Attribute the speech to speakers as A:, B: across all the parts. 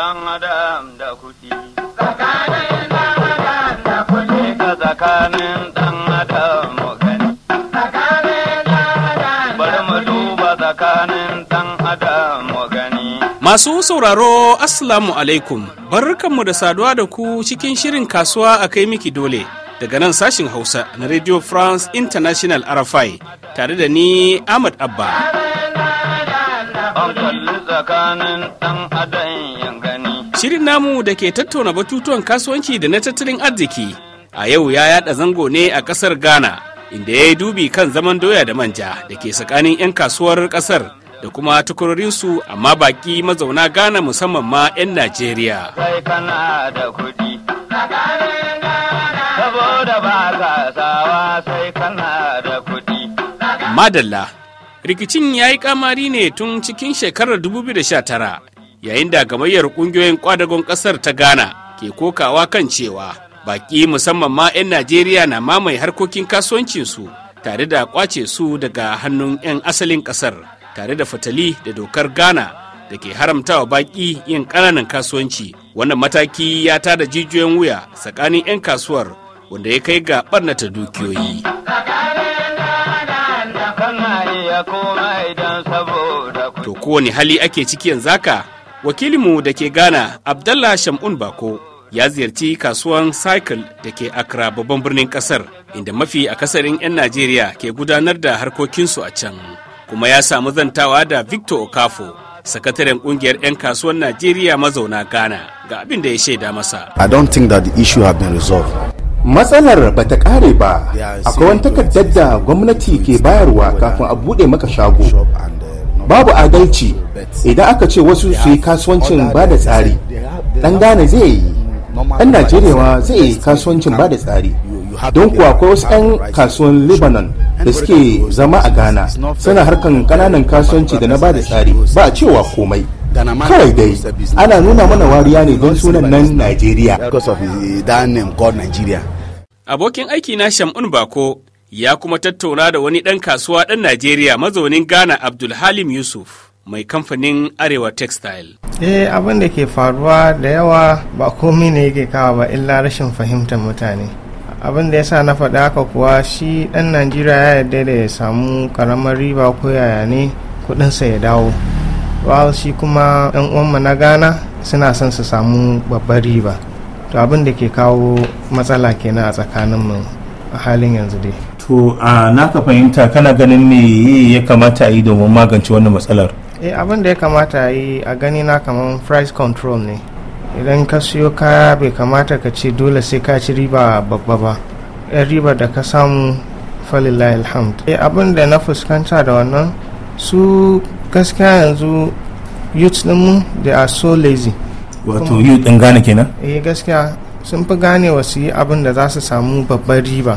A: dan adam da kuɗi. Tsakanin dan adam tsakanin dan adam Tsakanin dan adam Bari mu duba tsakanin dan adam Masu sauraro Assalamu alaikum. mu da saduwa da ku cikin shirin kasuwa a kai miki dole. Daga nan sashin Hausa na Radio France International RFI tare da ni Ahmad Abba. tsakanin Shirin namu da ke tattauna batutuwan kasuwanci da na tattalin arziki a yau ya yada zango ne a kasar Ghana inda ya yi dubi kan zaman doya da manja da ke tsakanin 'yan kasuwar kasar da kuma tukurorinsu amma baki mazauna Ghana musamman ma 'yan Najeriya. Madalla, rikicin ya yi kamari ne tun cikin shekarar 2019 yayin da gamayyar kungiyoyin kwadagon kasar ta ghana ke kokawa kan cewa baki musamman ma 'yan najeriya na mamaye harkokin kasuwancinsu tare da kwace su daga hannun 'yan asalin kasar tare da fatali da dokar ghana da ke haramtawa baki yin kananan kasuwanci wannan mataki ya tada jijiyoyin wuya tsakanin 'yan kasuwar wanda ya kai ga ɓarnata dukiyoyi to kowane hali ake ciki yanzu haka wakilinmu da ke ghana abdallah shamun bako ya ziyarci kasuwan cycle da ke accra babban birnin kasar inda mafi akasarin 'yan najeriya ke gudanar da harkokinsu a can kuma ya samu zantawa da victor okafo sakataren kungiyar 'yan kasuwan najeriya mazauna ghana ga abin da ya shaida masa
B: i don't think that the issue have been resolved matsalar ba ta kare ba akwai wani takardar da gwamnati ke bayarwa kafin a bude maka shago babu adalci idan aka ce wasu su yi kasuwancin ba da tsari dan ghana zai yi dan najeriya ma zai yi kasuwancin ba da tsari don kuwa akwai wasu 'yan kasuwan lebanon da suke zama a ghana suna harkan kananan kasuwanci da na ba da tsari ba a cewa komai kawai dai ana nuna mana wariya ne don sunan nan najeriya
A: abokin aiki na shamun bako ya kuma tattauna da wani ɗan kasuwa ɗan Najeriya mazaunin Ghana Abdulhalim Yusuf mai kamfanin Arewa Textile.
C: Eh abin da ke faruwa da yawa ba komai ne yake kawo ba illa rashin fahimtar mutane. Abin da ya sa na faɗa haka kuwa shi ɗan Najeriya ya yarda da ya samu karamar riba ko yaya ne kuɗinsa ya dawo. ba shi kuma ɗan uwanmu na Ghana suna son su samu babbar riba. To abin da ke kawo matsala kenan a mu a halin yanzu dai. to
B: a naka fahimta kana ganin me ya kamata a yi domin magance wannan matsalar
C: eh abin da ya kamata a yi a gani na kamar price control ne idan ka siyo kaya bai kamata ka ce dole sai ka ci riba babba ba yan riba da ka samu falilai alhamd Eh, abin da na fuskanta da wannan su gaskiya yanzu youth mu they are so lazy wato youth din gane kenan eh gaskiya sun fi gane wasu yi abin da za su samu babbar riba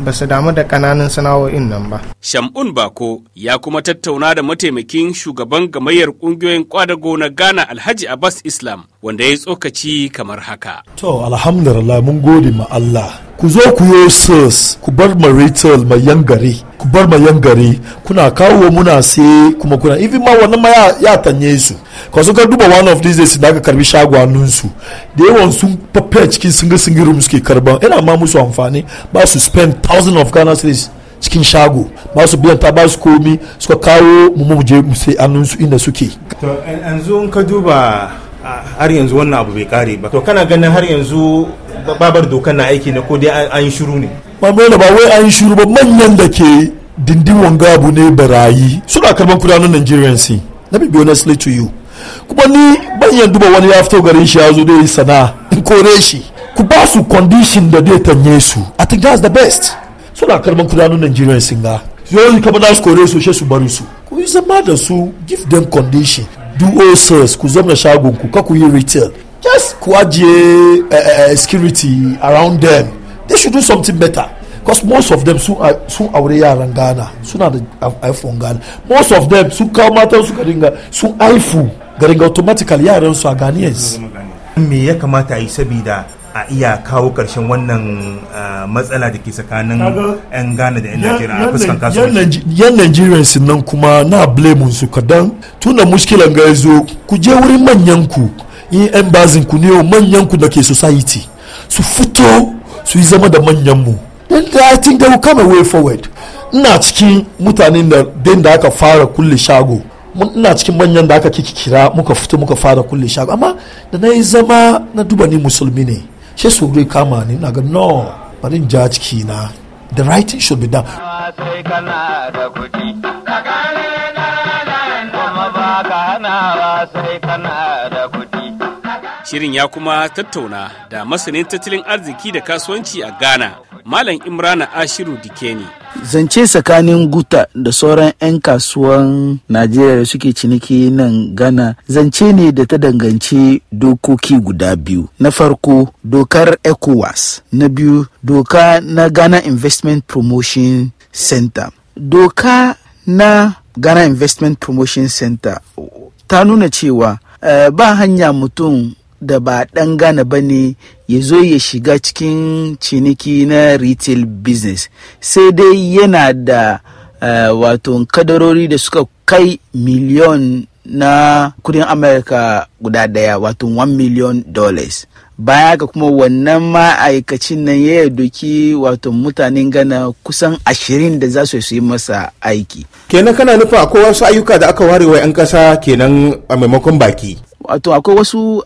C: ba su damu da ƙananan sana'o'in nan ba.
A: Shamun Bako ya kuma tattauna da mataimakin shugaban gamayyar ƙungiyoyin kwadago na Ghana Alhaji Abbas Islam wanda ya tsokaci kamar haka.
D: To alhamdulillah mun gode ma Allah ku zo ku yi sales ku bar ma retail mai yan gari ku bar ma yan gari kuna kawo muna sai kuma kuna even ma wannan ma ya, tanye su ka sun duba one of these days da aka karbi shago su da yawan sun fafe cikin singa singa room suke karban ina ma musu amfani ba su spend thousand of Ghana cedis cikin shago ba su biyan ta ba su komi suka kawo mu mu je mu sai su inda suke
B: to yanzu in ka duba har yanzu wannan abu bai kare ba to kana ganin har yanzu babar dokan na aiki ne ko dai an shiru
D: ne ba ba wai an yi shiru ba manyan da ke dindin wanga abu ne barayi suna karban kudanun nigerian si let me be to you kuma ni banyan duba wani ya fito garin shi ya zo dai sana in kore shi ku ba su condition da dai tanye su i think that's the best suna karban kudanun nigerian si ga yau kama na su kore su she su bari su ku yi zama da su give them condition do all sales ku zama shagon ku ka ku yi retail just kwaje uh, uh, security around them they should do something better because most of them sun ah, sun aure yaran ghana suna the iphone ghana most of them sun kawo matan su garinga sun haifu garinga automatically yaran su a ghanaians
B: me ya kamata yi sabida a iya kawo karshen wannan ah, matsala da ke tsakanin 'yan ghana da 'yan nigeria a fuskan kasuwanci
D: yan nigerians nan kuma na blame su kadan tunda muskilan ga ya zo ku je wurin manyan ku yi yan bazin ku ne manyan ku da ke society su fito su yi zama da manyan mu then i think they will come a way forward ina cikin mutanen da den da aka fara kulle shago ina cikin manyan da aka kira muka fito muka fara kulle shago amma da na yi zama na duba ni musulmi ne shi su kama ni na ga no bari in ja ciki na the writing should be done
A: Shirin ya kuma tattauna da masanin tattalin arziki da kasuwanci a Ghana, Malam Imrana Ashiru Dikeni.
E: Zance tsakanin Guta da sauran 'yan kasuwan Najeriya da suke ciniki nan Ghana zance ne da ta danganci dokoki guda biyu. Na farko, dokar ECOWAS. Na biyu, doka na Ghana Investment Promotion Center. Doka na Ghana Investment Promotion Center ta nuna cewa uh, ba hanya mutum da ba ɗan gane ba ne ya zo ya shiga cikin ciniki na retail business sai dai yana da uh, wato kadarori da suka kai miliyon na kudin amerika guda daya wato 1 million dollars baya haka kuma wannan ma'aikacin nan ya doki wato mutanen gana kusan ashirin da za su yi masa aiki kenan kana nufa akwai wasu ayyuka da aka ware wa 'yan kasa kenan a maimakon baki wato akwai wasu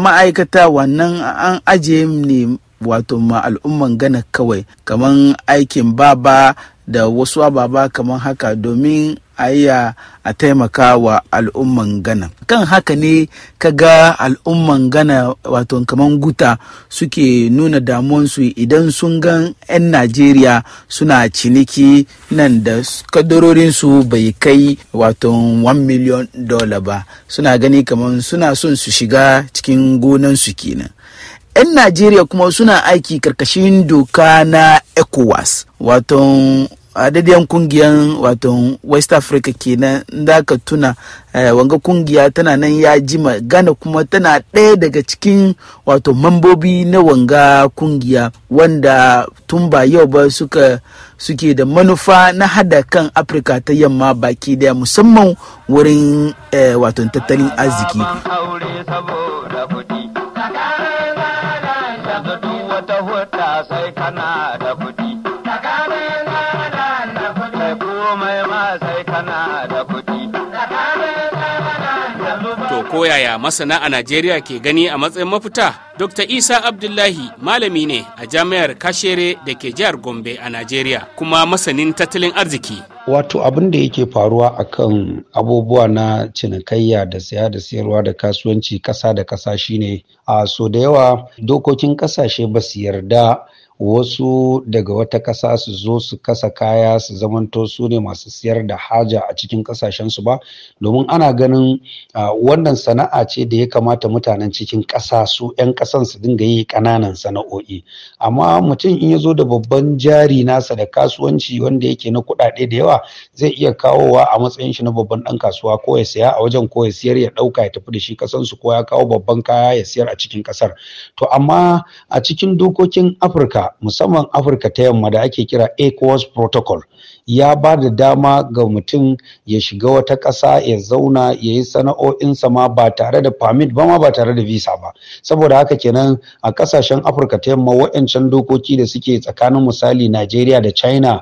E: ma'aikata wannan an ajiye ne wato ma al'umman gana kawai kaman aikin baba da wasu ababa kamar haka domin a iya a taimaka wa al'umman gana kan haka ne ka ga al'umman gana wato kamar guta suke nuna su idan sun ga 'yan najeriya suna ciniki nan da kadarorinsu bai kai wato 1 miliyon dola ba suna gani kamar suna son su shiga cikin gonan su kenan 'yan najeriya kuma suna aiki karkashin doka na ecowas wato adadiyan kungiyan wato west africa kenan da ka tuna eh, wanga kungiya tana nan ya jima gana kuma tana ɗaya daga cikin wato mambobi na wanga kungiya wanda tun ba yau ba suka suke da manufa na hada kan afirka ta yamma baki daya musamman wurin eh, wato tattalin arziki
A: yaya masana a Najeriya ke gani a matsayin mafita? Dr. Isa Abdullahi malami ne a jami'ar Kashere da ke jihar Gombe a Najeriya kuma masanin tattalin arziki.
F: Wato abin da yake faruwa a kan abubuwa na cinikayya da saya da sayarwa da kasuwanci ƙasa da ƙasa shine a so da yawa dokokin ƙasashe ba su yarda wasu daga wata ƙasa su zo su kasa kaya su zamanto su ne masu siyar da haja a cikin ƙasashensu ba domin ana ganin wannan sana'a ce da ya kamata mutanen cikin ƙasa su 'yan ƙasan su dinga yi ƙananan sana'o'i amma mutum in ya zo da babban jari nasa da kasuwanci wanda yake na kuɗaɗe da yawa zai iya kawowa a matsayin shi na babban ɗan kasuwa ko ya saya a wajen ko ya siyar ya ɗauka ya tafi da shi ƙasansu ko ya kawo babban kaya ya siyar a cikin ƙasar to amma a cikin dokokin afirka musamman Afirka ta yamma da ake kira ECOWAS Protocol ya ba da dama ga mutum ya shiga wata ƙasa ya zauna ya yi sana'o'insa ma ba tare da permit ba ma ba tare da visa ba saboda haka kenan a ƙasashen afirka ta yamma wa'ancan dokoki da suke tsakanin misali najeriya da china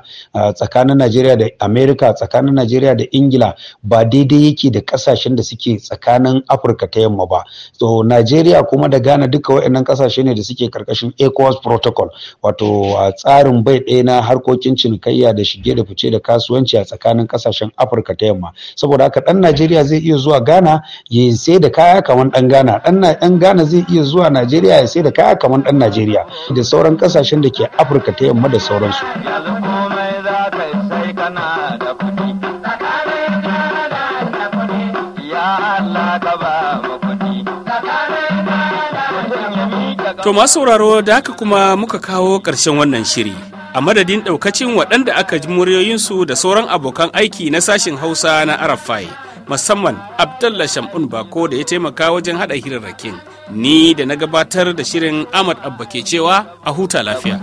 F: tsakanin najeriya da america tsakanin najeriya da ingila ba daidai yake da ƙasashen da suke tsakanin afirka ta yamma ba So najeriya kuma da ghana duka wa'annan ƙasashe ne da suke karkashin ecowas protocol wato tsarin bai ɗaya na harkokin cinikayya da shige da fice rikice da kasuwanci a tsakanin kasashen afirka ta yamma saboda haka dan najeriya zai iya zuwa ghana ya sai da kaya kamar dan ghana dan ghana zai iya zuwa najeriya ya sai da kaya kamar dan najeriya da sauran kasashen da ke afirka ta yamma da sauransu
A: To masu sauraro da haka kuma muka kawo ƙarshen wannan shiri. a madadin daukacin waɗanda aka ji muryoyinsu da sauran abokan aiki na sashen hausa na arafai musamman abdalla shamun bako da ya taimaka wajen haɗa hirarrakin ni da na gabatar da shirin ahmad abba ke cewa a huta lafiya